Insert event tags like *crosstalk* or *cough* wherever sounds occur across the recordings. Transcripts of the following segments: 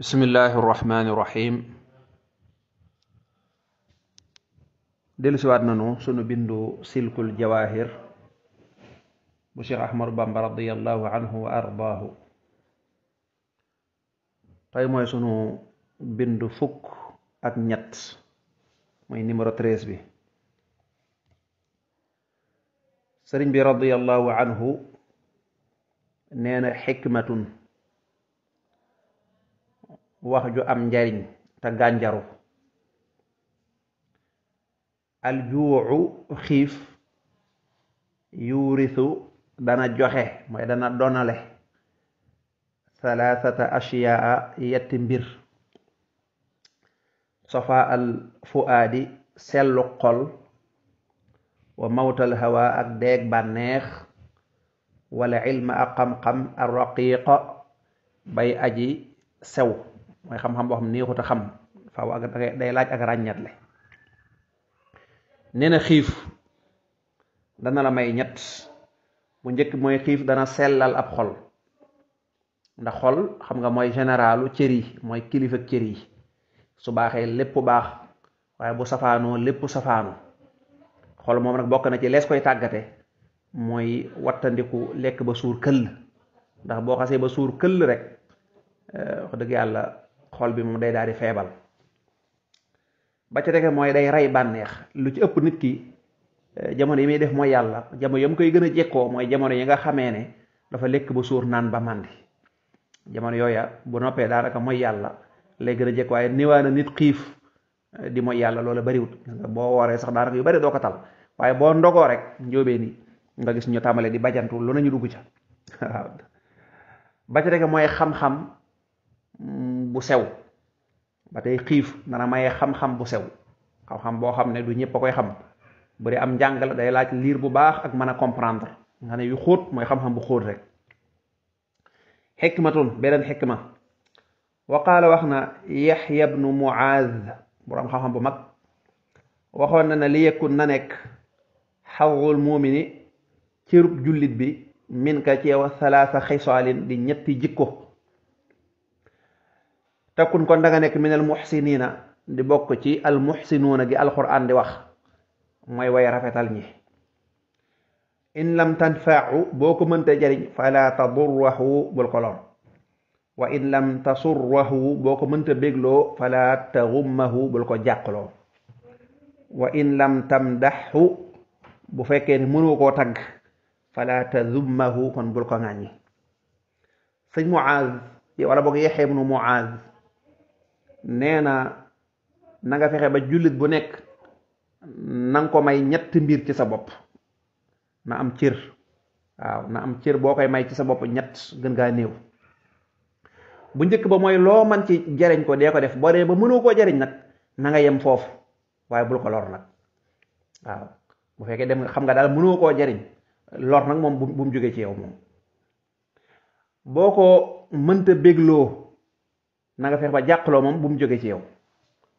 bismillahi irrahmani irrahim dellu siwaat nanu sunu bindu silkul jawahir bu cheikh ahmadu bamba radiallahu anhu wa mooy sunu bindu fukk ak ñett mooy numéro treize bi sëriñ bi radiallahu anhu nee na wax ju am njariñ te gànjaru aljuuxu xiif yuurisu dana joxe mooy dana donale salaasata ashiyaa yetti mbir sofa al fuaadi sellu xol wa mawtal hawa ak deeg bànneex wala ilma ak xam-xam ar raqiqa bay aji sew mooy xam-xam boo xam neexut a xam faaw ak day laaj ak ràññatle nee na xiif dana la may ñett bu njëkk mooy xiif dana sellal ab xol ndax xol xam nga mooy généralu cër yi mooy kilifa cër yi su baaxee lépp baax waaye bu safaanoo lépp safaanu xol moom nag bokk na ci lees koy tàggate mooy wattandiku lekk ba suur këll ndax boo xasee ba suur këll rek eh, dëgg yàlla xol bi mu day daa di feebal ba ca tege mooy day rey bànneex lu ci ëpp nit ki eh, jamono yi may def mooy yàlla jamono yam koy gën a jekkoo mooy jamono yi nga xamee ne dafa lekk ba suur naan ba màndi jamono yooya bu noppee daanaka mooy yàlla lay gën a jekk waaye niwaana nit xiif eh, di mooy yàlla loola bariwut boo wooree sax daanaka yu bari doo ko tal waaye boo ndogoo rek njóobee ni nga gis ñu tàmbalee di bajantu lu nañu dugg ca *laughs* waaw ba ca mooy xam-xam mm, bu sew ba tey xiif dana maye xam-xam bu sew xam-xam boo xam ne du ñëpp a koy xam bu dee am njàng la day laaj liir bu baax ak mën a comprendre nga ne yu xóot mooy xam-xam bu xóot rek xikmatun beneen xikma wa qaala wax na yaxya bnu muaaz boroom xam-xam bu mag waxoon na ne li yëkkun na nekk xawul muumini cërub jullit bi min ka ceewa salaasa xisaalin di ñetti jikko tekkun kon da nga nekk minal muxsiniina di bokk ci al muxsinuuna gi alquran di wax mooy way rafetal ñi in lam tanfaaxu boo ko mënta jariñ fala tadurrahu bul ko lor wa in lam tasurrahu boo ko mënta bégloo fala taxummahu bul ko jàqloo wa in lam tamdaxu bu fekkee ne mënoo koo tagg fala tazummahu kon bul ko ŋàññi sëñ Muaz wala boog Yaxya ibnu Muaz nee na na fexe ba jullit bu nekk nanga ko may ñett mbir ci sa bopp na am cër waaw na am cër boo koy may ci sa bopp ñett gën gaa néew bu njëkk ba mooy loo man ci jariñ ko dee ko def boo dee ba mënoo koo jariñ nag na nga yem foofu waaye bul ko lor nag waaw bu fekkee dem nga xam nga daal mënoo koo jariñ lor nag moom bu mu jógee ci yow moom boo ko mënta bégloo nanga nga ba jàqloo moom bu mu jógee ci yow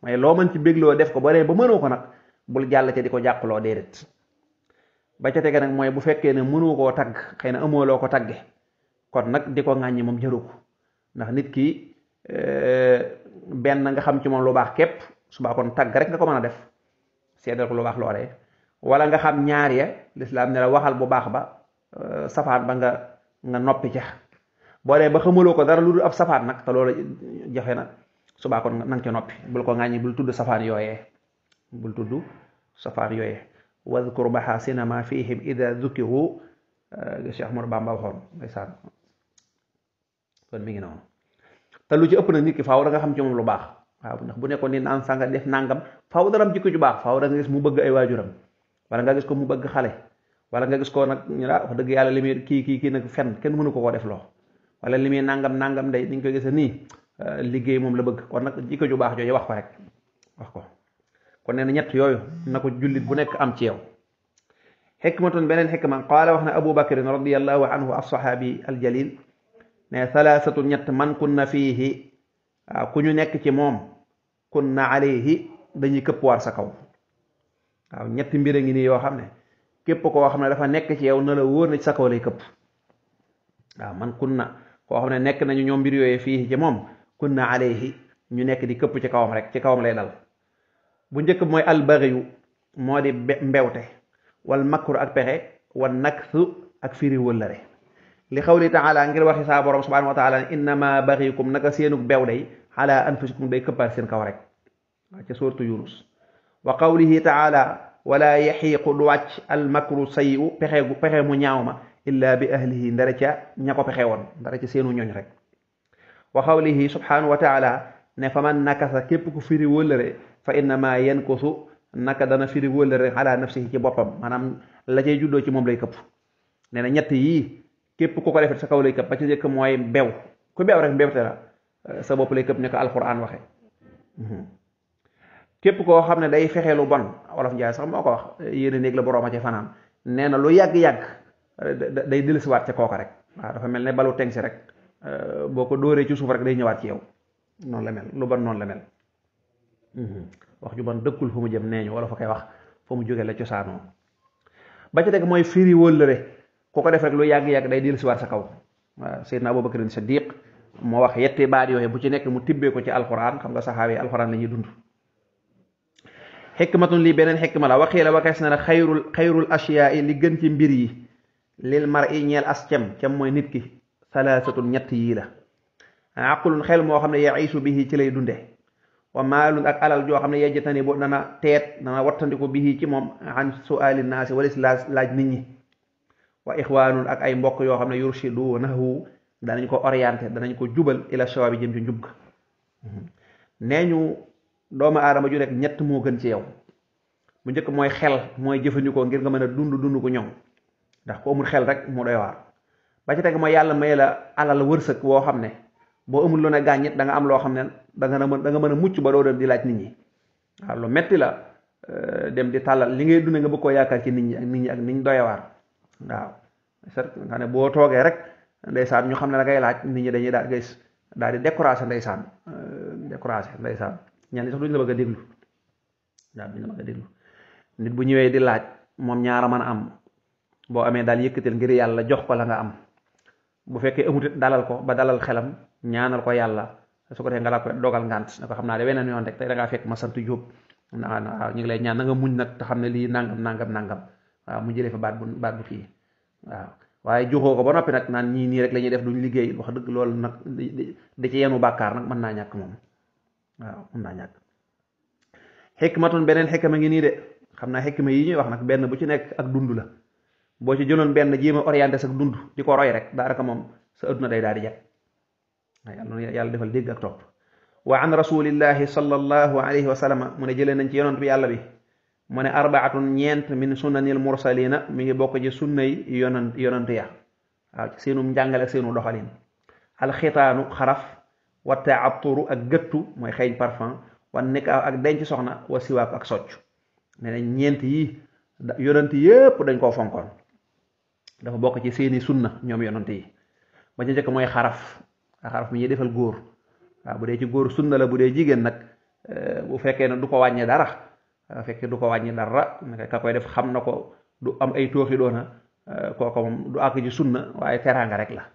waaye loo mën ci bégloo def ko ba ree ba mënoo ko nag bul jàll ca di ko jàqloo déedéet ba ca tege nag mooy bu fekkee ne mënoo koo tagg xëy na amoo loo ko tagge kon nag di ko ŋàññi moom jëru ko ndax nit ki eh, benn nga xam ci moom lu baax képp subaa kon tagg rek nga ko mën a def seedal ko lu baax loolee wala nga xam ñaar ya lislaam ne waxal bu baax ba eh, safaan ba nga nga noppi ca boo dee ba xamuloo ko dara lu dul ab safaan nag te loolu jafe na subaa kon nang ca noppi bul ko ŋàññi bul tudd safaan yooyee bul tudd safaan yooyee wadkur mahaasina ma fihim ida zukiru euh, Cheikh Ahmadou Bamba waxoon ndeysaan kon mi ngi noonu te lu ci ëpp nag nit ki faaw da nga xam ci moom lu baax waaw ndax bu nekkoon nit naan sànga def nàngam faaw dana am jikko ju baax faaw da nga gis mu bëgg ay waajuram wala nga gis ko mu bëgg xale wala nga gis ko nag ñu ah, wax dëgg yàlla kii kii kii nag fen kenn mënu ko koo def loo wala li muy nàngam nangam day dañ koy gis nii euh, liggéey moom la bëgg kon nag jikko ju baax jooju wax ko rek wax ko kon ne na ñett yooyu na ko jullit bu nekk am ci yow xikmatun beneen xikma qaala wax na abu bakrin radiallahu anhu alsaxaabi aljalil ne salaasatu ñett man kunna fiihi waaw ku ñu nekk ci moom kunna alayhi dañuy këpp war sa kaw waaw ñetti mbir a yoo xam ne képp koo xam ne dafa nekk ci yow na la wóor sa kaw lay këpp waaw man kunna koo xam ne nekk nañu ñoom mbir yooyee fii ci moom kunna alayhi ñu nekk di këpp ci kawam rek ci kawam lay dal bu njëkk mooy albaxiyu moo di mbewte wal makru ak pexe wal naksu ak firi wëllëre li xawli taala ngir waxi saa borom subhanahu wa taala innama baxiyukum naka seenug bew day ala anfusikum day këppaat seen kaw rek waa ca yunus wa qawlihi taala wala yaxiiqu du wàcc al makru sayu pexe pexe mu ñaaw ma illa bi ahlihi ndara ca ña ko pexe woon ndara ci seenu ñooñ rek wa xawlihi subhanahu wa taala ne fa man nakasa képp ku firi wóllëre fa innama yankusu naka dana firi wóllëre ci boppam maanaam la cay juddoo ci moom lay këpp nee na ñett yii képp ku ko defet sa kaw lay këpp ba ci njëkk mooy bew ku bew rek mbewte la euh, sa bopp lay këpp ne ko alquran waxe mhm. képp koo xam ne day fexe lu bon wolof njaay sax moo ko wax yéen a néeg la borooma ca fanaan nee na lu yàgg-yàgg day dellusiwaat ca kooka rek waaw dafa mel ne balu teng si rek euh, boo ko dóoree ci suuf rek day ñëwaat ci yow noonu la mel lu bon noonu la mel mm-hmm. wax ju dëkkul fu mu jëm nee ñu wala fa koy wax fa mu jógee la cosaanoo ba ca teg mooy firi wóllëre ku ko def lu yàgg-yàgg day dellusiwaat sa kaw waaw Seydina Abubakar Siddiq moo wax yetti baat yooyu bu ci nekk mu tibbee ko ci alxuraan xam nga saxaaba yi alxuraan la ñuy dund xikmatun lii beneen xikma la waxii la waxees na ne xayrul xayrul ashyaa li gën ci mbir yi lil mar i ñeel as cem cem mooy nit ki salaasatun ñett yii la aqlun xel moo xam ne yaisu bihi ci lay dunde wa maalun ak alal joo xam ne yejjitani bu dana teet dana wattandiku bihi ci moom su suali naasi walis laaj laaj nit ñi wa ixwaanun ak ay mbokk yoo xam ne yurshidunahu danañ ko orienté danañ ko jubal ila shawaabi jëm ci njub ga nee ñu doomu aadama ju nekk ñett moo gën ci yow bu njëkk mooy xel mooy jëfandikoo ngir nga mën a dund dund ko ñoŋ ndax ku amul xel rek mu doy waar ba ci teg mooy yàlla may la alal wërsëg woo xam ne boo amul lu ne gàññit da nga am loo xam ne da nga mën da nga mën a mucc ba doo dem di laaj nit ñi waaw lu la euh, dem di tàllal li ngay dund nga bëgg koo yaakaar ci nit ñi ak nit ñi ak nit ñi doy waar waaw set ne boo toogee rek ndeysaan ñu xam ne la ngay laaj nit dañuy daal ngay daal di découragé ndeysaan euh, découragé ndeysaan ñenn ñi sax duñu la bëgg a déglu a nit bu ñëwee di laaj moom ñaara mën a am boo amee daal yëkkatil ngir yàlla jox ko la nga am bu fekkee amutit dalal ko ba dalal xelam ñaanal ko yàlla su ko defee nga la ko dogal ngànt ne ko xam naa de weneen yoon rek tey da ma sant Jóob waaw ñu ngi lay ñaan na nga muñ nag te xam ne lii nangam nangam nangam waaw mu fa baat bu baat bu waaye joxoo ko ba noppi naan ñii nii rek def duñ liggéey wax dëgg loolu nag da ci yenu bàkkaar nag mën naa ñàkk moom waaw mën naa ñàkk xikmatun beneen xikma ngi nii de xam naa xikma yi ñuy wax nag benn bu ci nekk ak dund la boo ci jëloon benn jéem a orienté dund di ko roy rek daanaka moom sa adduna day daal di jag yàlla yàlla defal dégg ak topp wa an rasulillahi sallallahu alayhi wa sallama mu ne jëlee nañ ci yonent bi yàlla bi mu ne arbaatun ñeent min sunnanil mursalina mi ngi bokk ci sunna yi yonent yonent ya waaw ci seenum njàngale ak seenu doxalin alxitaanu xaraf wa taaturu ak gëttu mooy xeeñ parfum wa nikaaw ak denc soxna wa siwaaku ak socc ne nañ ñeent yi yonent yépp dañ koo fonkoon dafa bokk ci seeni sun sunna ñoom yonante yi ba ca njëkk mooy xaraf xaraf mi ñuy defal góor waaw bu dee ci góor na la bu dee jigéen nag eh, bu fekkee ne du ko wàññi dara fekkee du ko wàññi dara ka koy def xam na ko du am ay tooxi doona eh, kooko moom du àgg ci sunna waaye teraanga rek la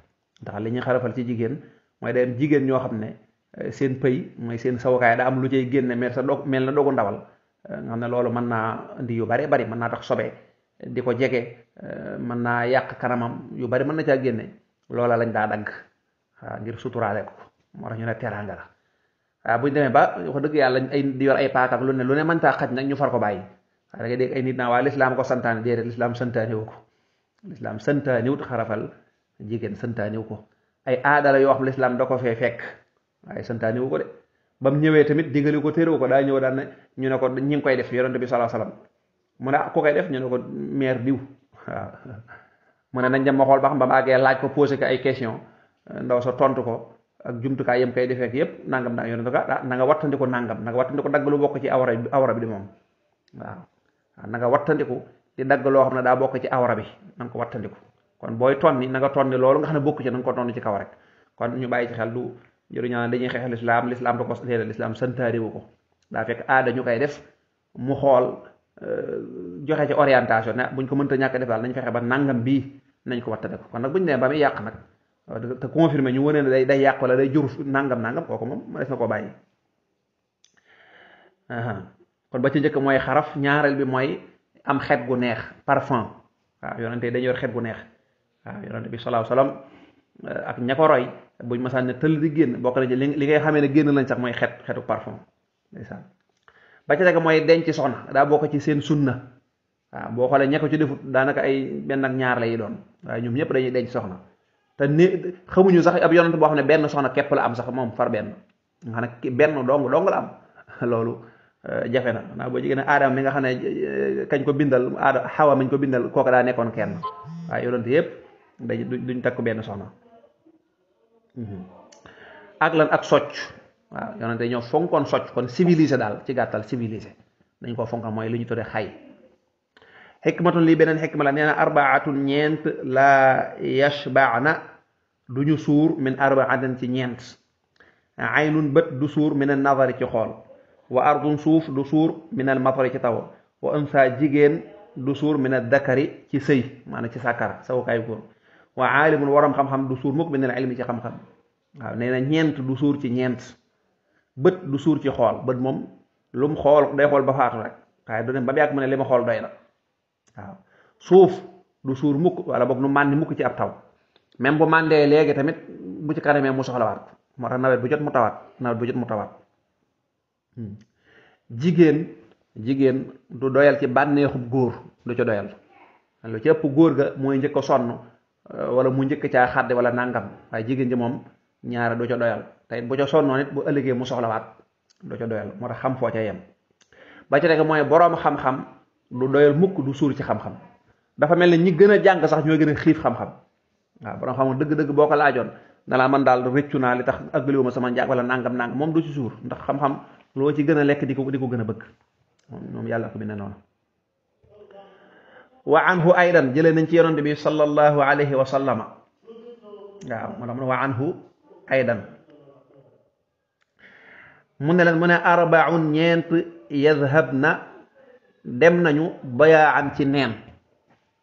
ndax li ñuy xarafal ci jigéen mooy day jigéen ñoo xam ne eh, seen pëy mooy seen sawukaay daa am lu cay génne mel sa mel na dogu ndawal nga xam ne loolu mën naa indi yu bare bari mën naa tax sobee di ko jege eh, mën naa yàq kanamam yu bari mën na caa génne loola lañ daa dagg waaw ah, ngir suturaale ko moo tax ñu ne teraanga la waaw ah, bu ñu demee ba wax dëgg yàlla ay di yor ay paak lu ne lu ne mën xaj nag ñu far ko bàyyi waaw ah, da ngay dégg ay nit naa ko santaane déedéet lislaam santaaniwu ko lislaam santaaniwut xarafal jigéen santaaniwu ko ay aada yoo xam lislaam da ko fee fekk waaye santaaniwu ko de ba mu ñëwee tamit diggali ko téerewu ko daa ñëw daan ne ñu ne ko ñi ngi koy def yonent bi salaa salaam mu ne ah, ku koy def ñu ne ko maire diw waaw mu ne nañ dem ma xool ba xam ba ma àggee laaj ko posé ko ay question ndaw sa tontu ko ak jumtukaay yam koy defee ak nangam naa yoon nga ah, na nga wattandiku nangam na nga wattandiku dagg lu bokk ci awra awra bi moom waaw ah, na nga wattandiku di dagg loo xam ne daa bokk ci awra bi na nga ko wattandiku kon booy ton ni na nga tonni loolu nga xam ne bokk ci na ko tonni ci kaw rek kon ñu bàyyi ci xel du jëru ñaan dañuy xeex lislaam lislaam da ko déedéet lislaam santaariwu ko daa fekk aada ñu koy def mu xool Euh, joxe ci orientation ne buñ ko mënta ñàkk def daal nañ fexe ba nangam bii nañ ko wattale ko kon nag buñ nee ba muy yàq nag euh, te confirmé ñu wane ne day day yàq wala day jur nangam nangam kooku moom ma def na koo bàyyi kon ba ci njëkk mooy xaraf ñaareel bi mooy am xet gu neex parfum waaw yonente dañu yor xet gu neex waaw yonente bi salaaw salaam euh, ak ña ko roy buñ masaan ne tëll di génn bokk na ci li ngay xamee ne génn lañ sax mooy xet xetu parfum ba ca teg mooy denc soxna daa bokk ci seen na waaw boo xoolee ña ko ci defut daanaka ay benn ak ñaar lay doon waaye ñoom ñëpp dañuy denc soxna te ne xamuñu sax ab yonent boo xam ne benn soxna képp la am sax moom far benn nga xam ne benn dong dong am *laughs* loolu euh, jafe na naa boo jigéen aadama mi nga xam ne euh, kañ ko bindal aada xawa mañ ko bindal kooku daa nekkoon kenn waaye yonent yëpp dañ duñ ko benn soxna mhm. ak lan ak socc waaw yonente ñoo fonkoon socc kon civilisé daal ci gàttal civilisé dañ koo fonkoon mooy li ñu tuddee xay xikmatun li beneen xikma la nee na arbaatun ñeent la na du ñu suur min arbaatin ci ñeent aynun bët du suur min al nazari ci xool wa suuf du suur min al matari ci taw wa unsa jigéen du suur min al dakari ci sëy maanaam ci sàkkar sawukaay góor wa aalimun waram xam-xam du suur mukk min al ilmi ci xam-xam waaw nee ñeent du suur ci ñeent bët du suur ci xool bët moom lu mu xool day xool ba faatu rek waaye du dem ba yàgg mu ne li ma xool doy na waaw suuf du suur mukk wala boog nu màndi mukk ci ab taw même bu màndee léegi tamit bu ci kanamee mu soxlawaat ko moo tax nawet bu jot mu tawaat nawet bu jot mu tawaat hmm. jigéen jigéen du doyal ci bànneexub góor du ci doyal lu ci ëpp góor ga mooy njëkk a sonn wala mu njëkk caa xaddi wala nàngam waaye jigéen ji moom ñaare du ca doyal te it bu ca sonnoon it bu ëllëgee mu soxlawaat doo ca doyal moo tax xam foo ca yem ba ca rek mooy boroom xam-xam du doyal mukk du suur ci xam-xam dafa mel ne ñi gën a jàng sax ñoo gën xiif xam-xam waaw boroom xam dëgg-dëgg boo ko laajoon na man daal rëccu naa li tax àggaliwuma sama njàng wala nangam nang moom du ci suur ndax xam-xam loo ci gën a lekk di ko di ko gën a bëgg moom yàlla ko bi ne noonu wa anhu aydan jëlee nañ ci yonante bi sallallahu alayhi wa sallama waaw moo tax mu ne wa anhu aydan mu ne leen mu ne arbaun ñeent yadhab na dem nañu bayaan ci neen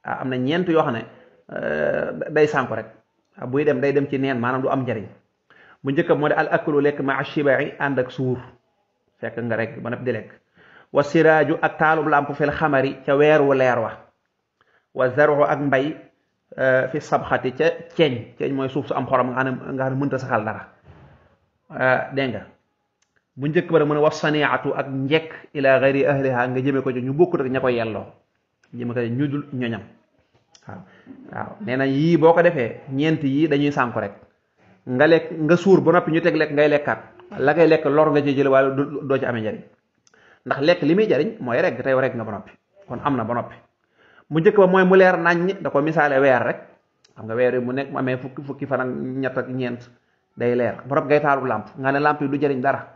ah am na ñeent yoo xam ne eh, day sànku rek ah, buy dem day dem ci neen maanaam du am njariñ bu njëkk moo de al aklu lekk ma shibai ànd ak suur fekk nga rek ba nag di lekk wa siraaju ak taalub làmp fil xamari ca weeru leer wa wa zaru ak mbay eh, fi sabxati ca ceeñ ceeñ mooy suuf su am xorom nga xam ne mënta saxal dara eh, dégg bu njëkk ba rek mu ne wax saniatu ak njekk ila gayri ahliha nga jëme ko ci ñu bokkut ak ña ko yelloo jëme ko ñu dul ñoñam waaw waaw nee na yii boo ko defee ñeent yii dañuy sànku rek nga lekk nga suur ba noppi ñu teg lekk ngay lekkaat la ngay lekk lor nga ci jël waaye doo ci amee njariñ ndax lekk li muy jariñ mooy rek tey rek nga ba noppi kon am na ba noppi mu njëkk ba mooy mu leer naññ da ko misaale weer rek xam nga weer yi mu nekk mu amee fukki fukki fan ñett ak ñeent day leer ba ngay taalu làmp nga ne làmp du jariñ dara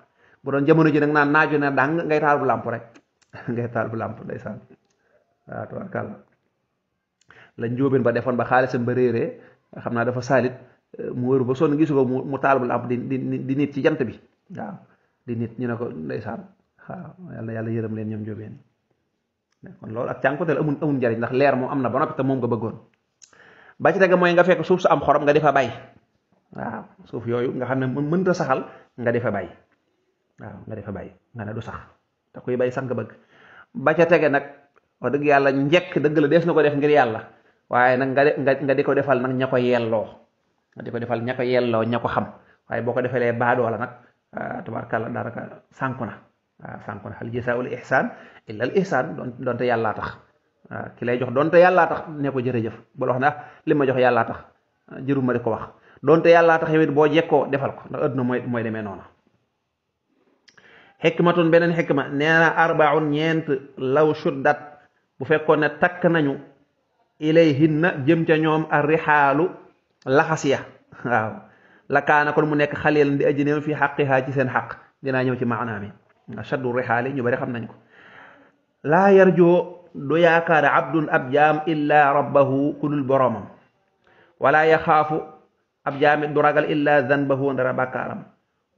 bu doon jamono ji nag naan naaju ne dàng ngay taal bu làmp rek *laughs* ngay taal bu làmp ndeysaan waaw tubaarkàlla la njóobeen ba defoon ba xaalisam ba réeree xam naa dafa saalit mu wëru ba sonn gisu ko mu taal bu làmp di di di nit ci jant bi waaw di nit ñu ne ko ndeysaan waaw yàlla yàlla yërëm leen ñoom njóobeen loolu ak cànkuteel amul amul njariñ ndax leer moom am na ba noppi te moom nga bëggoon ba ci tege mooy nga fekk suuf su am xorom nga di fa bay suuf yooyu nga xam ne mënta saxal nga di fa bay waaw nga defa bàyyi nga ne du sax te kuy bay sax nga bëgg ba ca tege nag oo dëgg yàlla njekk dëgg la dees na ko def ngir yàlla waaye nag nga nga di ko defal nag ña ko yelloo nga di ko defal ña ko yelloo ña xam waaye boo ko defalee baadoola nag ah, tabarkàlla daanaka sànku na waaw ah, na hal jazaa'ul ihsaan illa al ihsaan doonte yàllaa tax waaw ah, ki lay jox doonte yàllaa tax ne jërëjëf bul wax li ma jox yàllaa tax jëru ma di ko wax doonte yàllaa tax yow it boo jekkoo defal ko ndax adduna mooy mooy demee noonu xikmatun beneen xikma nee na arbaun ñeent law shuddat bu fekkoon ne takk nañu ilayhinna jëm ca ñoom ar rixaalu laxas ya waaw la kaana mu nekk xalilan di aji néew fi xaqiha ci seen xaq dinaa ñëw ci maanaa mi ashaddu rixaali ñu bari xam nañ ko laa yarjoo du yaakaar abdun ab jaam illaa rabbahu ku dul boroomam yaxaafu ab jaamit du ragal illaa zanbahu ndara bàkkaaram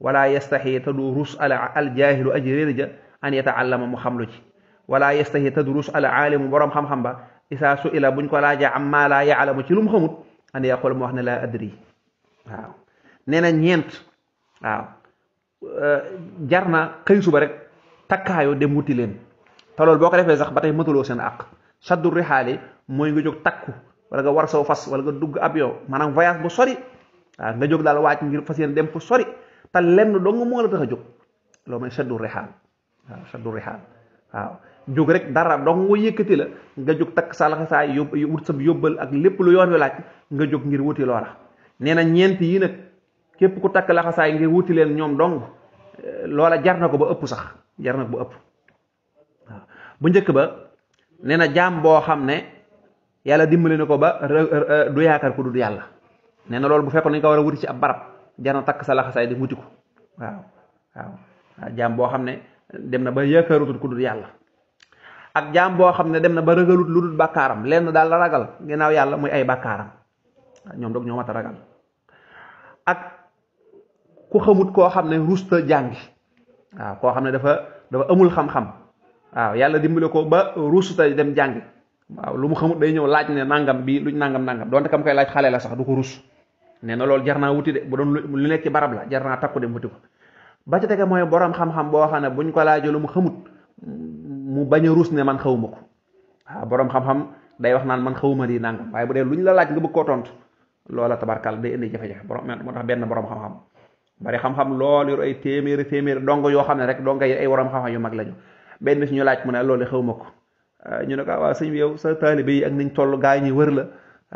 wala yastaxi te du rus al aljaahilu aji réer ja an yataallama mu xam lu ci wala yastaxi te du rus al aalimu boroom xam-xam ba isaa su ila buñ ko laajee am maa laa yaalamu ci lu mu xamut an yaqul mu wax ne laa adri waaw nee ñeent jar na xëy suba rek takkaayoo dem wuti leen te loolu boo ko defee sax ba tey mëtaloo seen àq saddu rixaali mooy nga jóg takku wala nga war saw fas wala nga dugg avion maanaam voyage bu sori waaw jog jóg daal waaj ngir fas yéen dem fu sori tal lenn dong moo la tax a jóg loolu mooy saddu rixaal waaw saddu rixaal waaw jóg rek dara dong nga yëkkati la nga jóg takk sa laxasaay yób wut sa yóbbal ak lépp lu yoon wi laaj nga jóg ngir wuti loola nee na ñeent yi nag képp ku takk laxasaay ngir wuti leen ñoom dong eh, loola jar na ko ba ëpp sax jar na ko ba ëpp waaw bu njëkk ba nee na jaam boo xam ne yàlla dimbali na ko ba du yaakaar ku dul yàlla nee na loolu bu fekkoon nañ ko war a wuti ci ab barab jana takk sa laxasaay di wuti ko waaw waaw jaam boo xam ne dem na ba yaakaarutul ku dul yàlla ak jaam boo xam ne dem na ba ragalut lu dul bàkkaaram lenn daal la ragal ginnaaw yàlla muy ay bàkkaaram ñoom doog ñoo mat a ragal ak ku xamut koo xam ne rusta jàngi waaw koo xam ne dafa dafa amul xam-xam waaw yàlla dimbale ko ba rusta dem jàngi waaw lu mu xamut day ñëw laaj ne nangam bi luñ nangam nangam donte kam koy laaj xale la sax du ko rus nee na loolu jar naa wuti de bu doon lu nekk ci barab la jar naa takku dem wuti ko ba ci tege mooy borom xam-xam boo xam ne buñ ko laajee mu xamut mu bañ a ruus ne man xawuma ko waaw borom xam-xam day wax naan man xawuma di nangam waaye bu dee luñ la laaj nga koo tontu loola tabarkal day indi moo tax benn borom xam-xam bari xam-xam loolu yor ay téeméeri yoo xam ne rek dong ay borom xam yu mag lañu benn bis ñu laaj mu ne loolu xawuma ko ñu ne ko ah, waaw sëñ yow sa taalibe yi ak niñ toll gaa yi ñuy wër la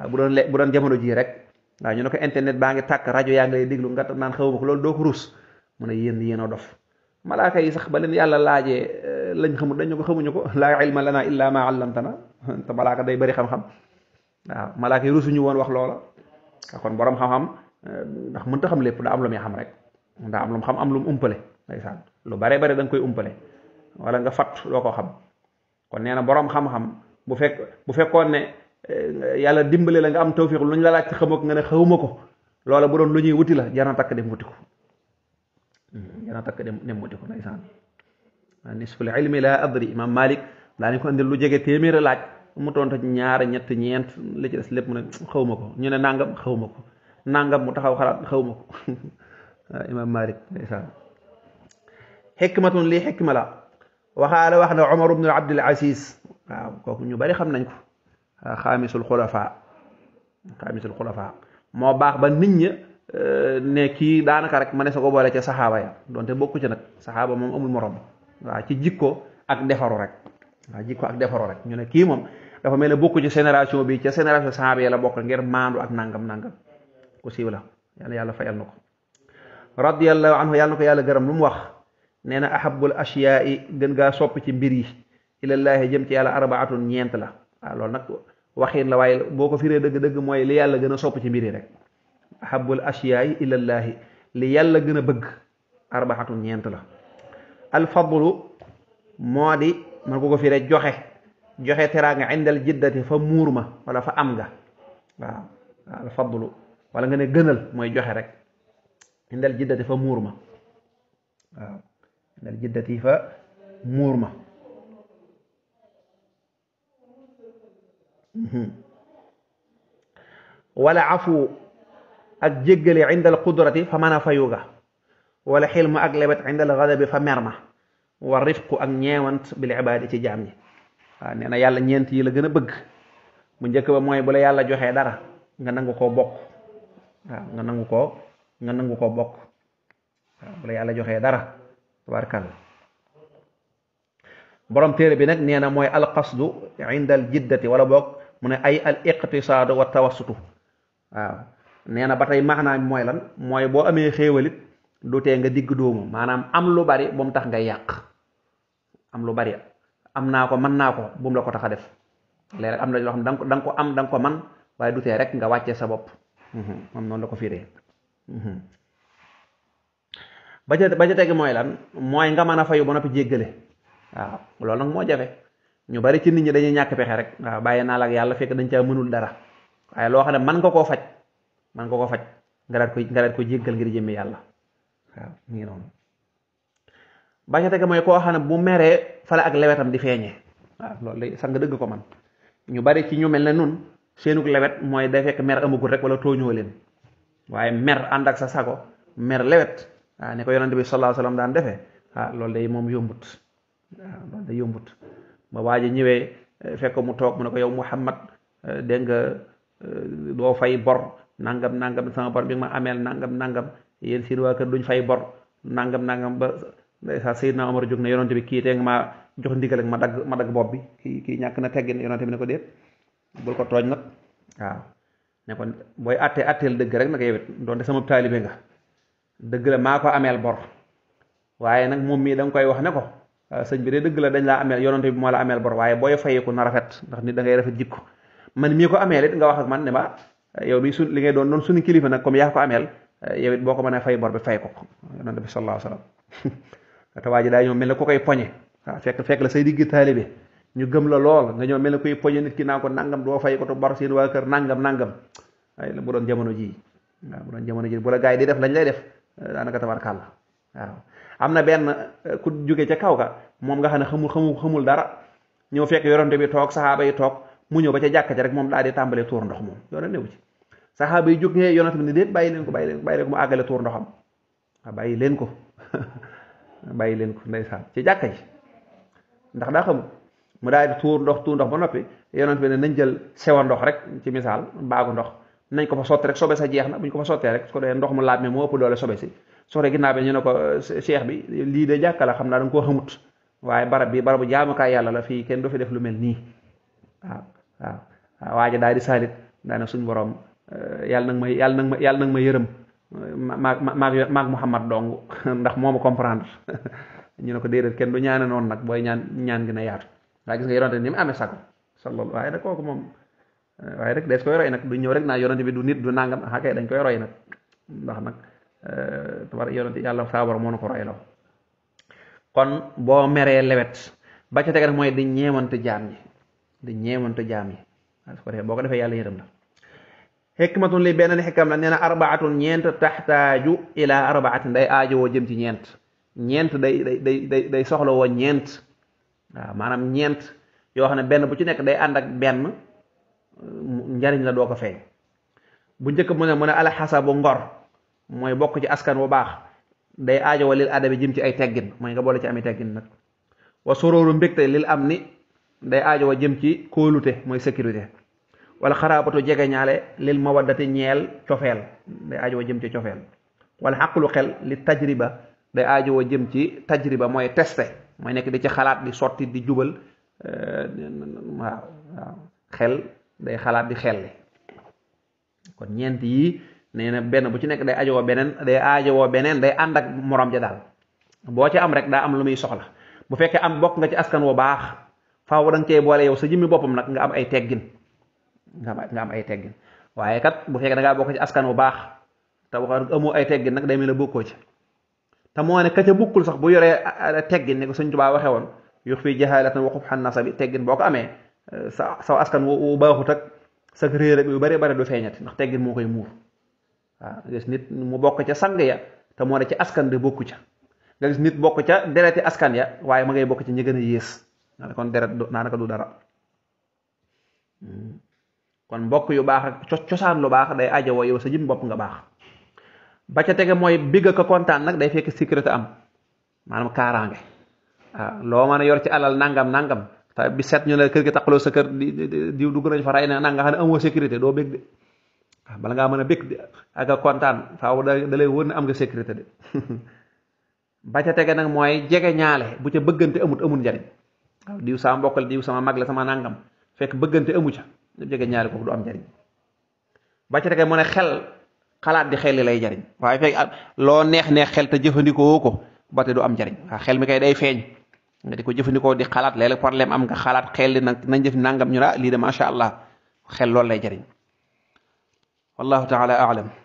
bu doon le bu doon jamono jii rek waaw ñu ne ko internet baa ngi tàkk rajo yaa ngi lay déglu nga naan xew ma ko loolu doo ko ruus mu a yéen yéen a dof malaaka yi sax ba leen yàlla laajee eh, lañ xamul dañu ko xamuñu ko *laughs* laa ilma lana illa ma allamtana *laughs* te malaaka day bëri xam-xam waaw malaaka yi rusuñu woon wax loola kon borom xam-xam eh, ndax mënta xam lépp daa am lu muy xam rek daa am lu xam am lu mu umpale ndeysaan lu bare bare da koy umpale wala nga fat doo ko xam kon nee na xam-xam bu fekk bu fekkoon Eh, yàlla dimbale la nga am tawfiq lu ñu la laaj ci xamoo nga ne xawuma ko loola bu doon lu ñuy wuti la jar na takk dem wuti ko hmm. jar na takk dem dem wuti ko ndeysaan nisful ilmi laa adri imam malik lu jege téeméer laaj mu ñaar ñett ñeent li ci des lépp mu ne ko ñu ne nangam xawma nangam mu taxaw xalaat xawma ko *laughs* imam malik la waxaale wax na ñu bari xam nañ ko xaamisul xulafaa xaamisul xulafaa moo baax ba nit ñi euh, ne kii daanaka rek ma ne sa ko boole ca saxaaba ya donte bokku ci nag saxaaba moom amul moroom waaw ci jikko ak defaru rek jikko ak defaru rek ñu ne kii moom dafa mel ne bokku ci génération bi ca génération saxaaba ya la bokk ngir maandu ak nangam nangam ku siiw la yàlla yàlla fayal na ko radiallahu anhu yàlla na ko yàlla gërëm lu mu wax nee na ahabul ashyaa yi gën gaa sopp ci mbir yi ilallaahi jëm ci yàlla arbaatun ñeent la waaw ah, loolu nag waxiin la waaye boo ko fiiree dëgg-dëgg mooy li yàlla gën a sopp ci mbir yi rek ahabul ashiyaay ilallaahi li yàlla gën a bëgg arbaxatun ñeent la alfadlu moo di man ko ko firee joxe joxe teraanga indal jiddati muur ma wala am nga waaw wala nga ne gënal mooy joxe rek ndal jiddati fa muur ma waaw indal jiddati fa muur ma Mhm. wala afu ak jéggale indal qudrati fa mën a fayu ga wala xilmu ak lebet indal gadabi fa mer ma wa rifqu ak ñeewant bil ibaadi ci jaam ñi waaw nee na yàlla ñeent yi la gën a bëgg bu njëkk ba mooy bu la yàlla joxee dara nga nangu koo bokk waaw nga nangu koo nga nangu koo bokk waaw bu la yàlla joxee dara tabarkal borom téere bi nag nee na mooy alqasdu indal jiddati wala bokk mu ne ay al iqtisaadu wa tawassutu waaw nee na ba tey maanaam mooy lan mooy boo amee xéewalit du tee nga digg doomu maanaam am lu bari bu mu tax nga yàq am lu bari am naa ko mën naa ko bu mu la ko tax a def léeg-léeg am na loo xam ne danga ko am danga ko man waaye du tee rek nga wàccee sa bopp mhm. moom noonu la ko fiiree mhm. ba ca ba ca mooy lan mooy nga mën a fayu ba noppi jéggale waaw loolu nag moo jafe ñu bari ci nit ñi dañuy ñàkk pexe rek waaw bàyyi naa la ak yàlla fekk dañ caa mënul dara waaye loo xam ne man nga koo faj man nga koo faj nga daat ko nga daat ko jéggal ngir jëmmi yàlla waaw mu ngi noonu ba ca teg mooy koo xam ne bu meree fale ak lewetam di feeñee waaw loolu day sang dëgg ko man ñu bari ci ñu mel ne nun seenug lewet mooy day fekk mer amagul rek wala tooñoo leen waaye mer ànd ak sa sago mer lewet waaw ne ko yonante bi sallallahu alayhi daan defee loolu day moom yombut waaw ma waaj ñëwee eh, fekk mu toog mu ne ko yow Muhammad eh, dégg nga eh, doo fay bor nangam nangam sama bor bi nga ma ameel nangam nangam yéen seen waa kër duñ fay bor nangam nangam ba sa Seydina Omar jóg na yonante bi kii tee nga maa jox ndigal ak ma dagg ma dagg bopp bi kii ñàkk na teggin yonante bi ne ko déet bul ko tooñ nag waaw ne ko booy attee atteel dëgg rek nag yow it doonte sama taalibe nga dëgg la maa ko ameel bor waaye nag moom mii da koy wax ne ko Euh, sëñ bi de dëgg la dañ laa amee yonante bi moo la ameel bor waaye booy fayeeku na rafet ndax nit da ngay rafet jikko man mii ko amee it nga wax ak man ne ma euh, yow mi su li ngay doon doon suñu kilifa nag comme yaa ko ameel euh, boo ko mënee fay bor bi fay ko yonante bi sallallahu alayhi wasallam *laughs* te waa ji ne ku koy poñe waaw fekk fekk la say digg taalibe ñu gëm la lool nga ñëw mel ne kuy poñe nit ki naa ko nangam doo fay ko te bor seen waa kër nangam nangam waaye bu doon jamono ji waaw bu doon jamono ji bu la gars yi di def lañ lay def daanaka tabarkàlla waaw am na benn eh, ku jóge ca kaw ka moom nga xam ne xamul xamul xamul dara ñëw fekk yoronte bi toog saxaaba yi toog mu ñëw ba ca jàkk ji rek moom daal di tàmbalee tuur ndox moom yoona newu ci saxaaba yi jóg ne yonent ne déet bàyyi leen ko bàyyi leen ko bàyyi leen ko mu ah, leen ko *laughs* bàyyi leen ko ndeysaan ci jàkka ji ndax daa mu daal tuur ndox tuur ba noppi yonent bi ne nañ jël sewa ndox rek ci misaal baagu ndox nañ ko fa sotti rek sobe sa jeex na bu ko fa sottee rek su ko dee ndox mu laab mi moo ëpp doole sobe si su ko dee ginnaaw bi ñu ne ko eh, cheikh bi lii de jàkka xam naa da nga koo xamut waaye barab bi barabu jaamukaay yàlla la fii kenn du fi def lu mel nii waaw waaw daal di saalit daane suñ borom eh, yàlla nag ma yàlla nag ma yàlla nag ma yërëm maag maag maag dong *laughs* ndax moo comprendre *laughs* ñu ne ko déedéet kenn du ñaane noonu nag booy ñaan ñaan gi na yaatu kooku moom waaye rek des koy roy nag du ñëw rek naa yonent bi du nit du nangam xakay ah dañ koy roy nag ndax nag euh, tabar yonent yàlla saabar moo na ko roy law kon boo meree lewet ba ca teg mooy di ñeewante jaam yi di ñeewante jaam yi su ko defee boo ko defee yàlla yërëm la xikmatun li benn xikam la nee na arbaatun ñeent taxtaaju ila arbaatin day aajo woo jëm ci ñeent ñeent day day day day soxla woo ñeent waaw maanaam ñeent yoo xam ne benn bu ci nekk day ànd benn njariñ la doo ko feeñ bu njëkk mu ne mu ne alxasabu ngor mooy bokk ci askan bu baax day aajo wa lil adabi jëm ci ay teggin mooy nga boole ci ami teggin nag wa sorooru mbégte lil am ni day aajo wa jëm ci kóolute mooy sécurité wala xaraabatu jege ñaale lil mawaddati ñeel cofeel day aajo wa jëm ci cofeel wala xaqlu xel li tajriba day aajo wa jëm ci tajriba mooy testé mooy nekk di ci xalaat di sotti di jubal euh, xel day xalaat di xelli kon ñeent yi nee na benn bu ci nekk day ajoo beneen day ajowoo beneen day ànd ak moroom ja daal boo ci am rek daa am lu muy soxla bu fekkee am bokk nga ci askan wu baax faaw da nga cee sa jëmmi boppam nag nga am ay teggin nga am ay teggin waaye kat bu fekkee da bokk ci askan wu baax te wax amoo ay teggin nag day mel ne bokkoo ci te moo ne ka bukkul sax bu yore teggin ne suñ Sëñ Tuubaa waxee woon yu fi jahalatan wa qubhan nasabi teggin boo ko amee sa saw askan wu baaxut ak sa réer ak yu bare bare du feeñati ndax teggin moo koy muur waaw nga gis nit mu bokk ca sang ya te moo ne ci askan de bokk ca nga gis nit bokk ca dereti askan ya waaye ma ngay bokk ci ñi gën a yées naa kon deret naanaka du dara hmm. kon mbokk yu baax ak cosaan lu baax day ajowoo yow sa jëm bopp nga baax ba ca tege mooy bigg ko kontaan nag day fekk sécurité am maanaam kaaraange waaw loo mën a yor ci alal nangam nangam ta bi set ñu ne kër gi taqaloo sa kër diw di dugg nañ fa ray ne nag nga xam ne amoo sécurité doo bég ah, bala ngaa mën a bég de ak a kontaan faaw da am nga sécurité de *laughs* ba tege nag mooy jege ñaale bu ca bëggante amut amul njariñ waaw diw sama mbokk la diw sama mag la sama nangam fekk bëggante amu ca jege ñaale kooku du am njariñ ba ca tege mu ne xel xalaat di xel li lay jariñ waaye fekk loo neex neex xel te jëfandikoo ko ba te du am njariñ waaw xel mi kay day feeñ nga di ko jëfandikoo di xalaat léeg-léeg problème am nga xalaat xel li nag nañ def nangam ñu la ah lii de macha allah xel loolu lay jëriñ wallahu taala aalam